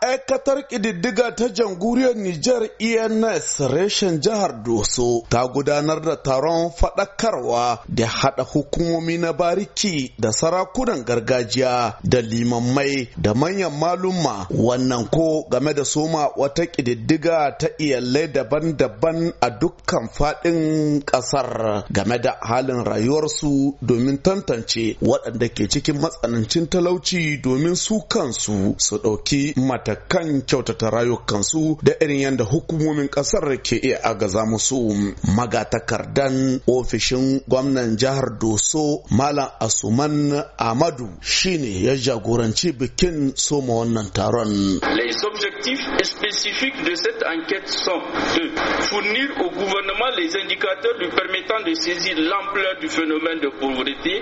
ma'aikatar ƙididdiga ta jamhuriyar Nijar ENS reshen jihar Doso ta gudanar da taron faɗakarwa da haɗa hukumomi na bariki da sarakunan gargajiya da limammai da manyan malumma wannan ko game da soma wata ƙididdiga ta iyalai daban-daban a dukkan faɗin ƙasar game da halin rayuwarsu domin tantance waɗanda ke cikin matsanancin talauci domin su kansu su ɗauki mata. ta kan kyautata rayukansu da irin yadda hukumomin kasar ke iya agaza musu magatakardan ofishin gwamnan jihar doso malam asuman amadu shine ya jagoranci bikin soma wannan taron de de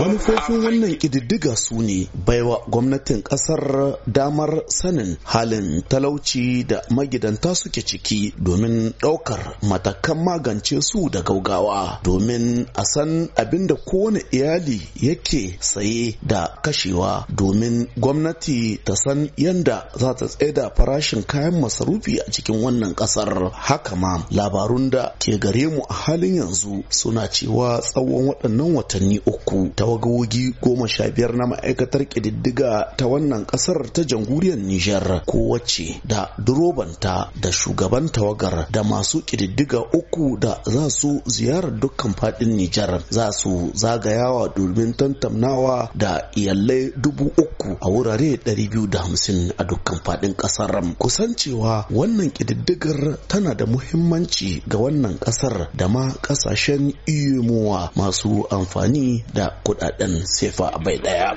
Manufofin wannan ƙididdiga su ne baiwa gwamnatin ƙasar damar sanin halin talauci da magidanta suke ciki domin ɗaukar matakan magance su da gaugawa domin a san abin da kowane iyali yake saye da kashewa domin gwamnati ta san yadda za ta tsaida farashin kayan masarufi a cikin wannan ƙasar haka ma labarun da ke gare mu a halin yanzu suna cewa tsawon waɗannan watanni uku wagogi goma sha biyar na ma'aikatar ƙididdiga ta wannan ƙasar ta jamhuriyar Nijar kowace da durobanta da shugaban tawagar da masu ƙididdiga uku da za su ziyarar dukkan faɗin Nijar za su zagayawa domin tantamnawa da iyalai dubu uku a wurare 250 a dukkan faɗin ƙasar. cewa wannan ƙididdigar tana da muhimmanci ga wannan ƙasar da ma ƙasashen iyemowa masu amfani da kuɗaɗen sefa bai ɗaya.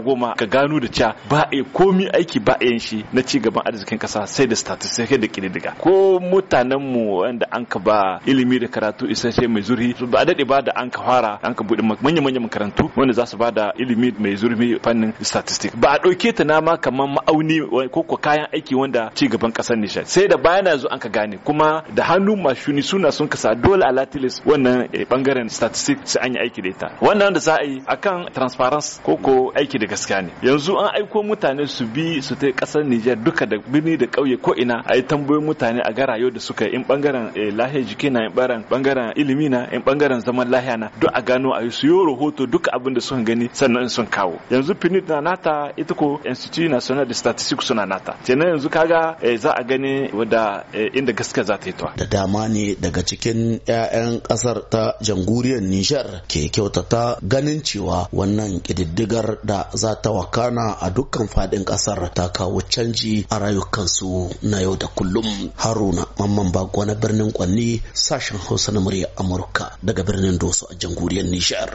goma ka gano da cewa ba a komi aiki ba a shi na ci gaban arzikin kasa sai da status sai da kididdiga ko mutanen mu wanda an ka ba ilimi da karatu isasshe mai zurfi ba a dade ba da an ka fara an ka bude manya manyan makarantu wanda za su ba da ilimi mai zurfi fannin statistics ba a dauke ta nama kamar ma'auni ko ko kayan aiki wanda ci gaban kasar nishad sai da bayan yanzu an ka gane kuma da hannu mashuni suna sun kasa dole a latilis wannan bangaren eh, statistics sai an yi aiki da ita wannan da za a yi akan transparency ko ko aiki da gaskiya ne yanzu an aiko mutane su bi su ta kasar Nijar duka da birni da kauye ko ina a yi tambayoyin mutane a ga yau da suka in bangaren eh, lahiyar jiki na in bangaren ilimi na in bangaren zaman lahiya na duk a gano a yi su yi rahoto duk abin da suka gani sannan sun kawo yanzu PNUD na nata ita ko Institut National de Statistics suna nata kenan yanzu kaga eh, za a gani wadda eh, inda gaskiya za ta yi da dama ne daga cikin 'ya'yan kasar ta jamhuriyar Nijar ke kyautata ganin cewa wannan kididdigar da za ta wakana a dukkan faɗin ƙasar ta kawo canji a rayukansu na yau da kullum haruna mamman bako na birnin kwanni sashen hausa na murya amurka daga birnin doso a jamhuriyar nishar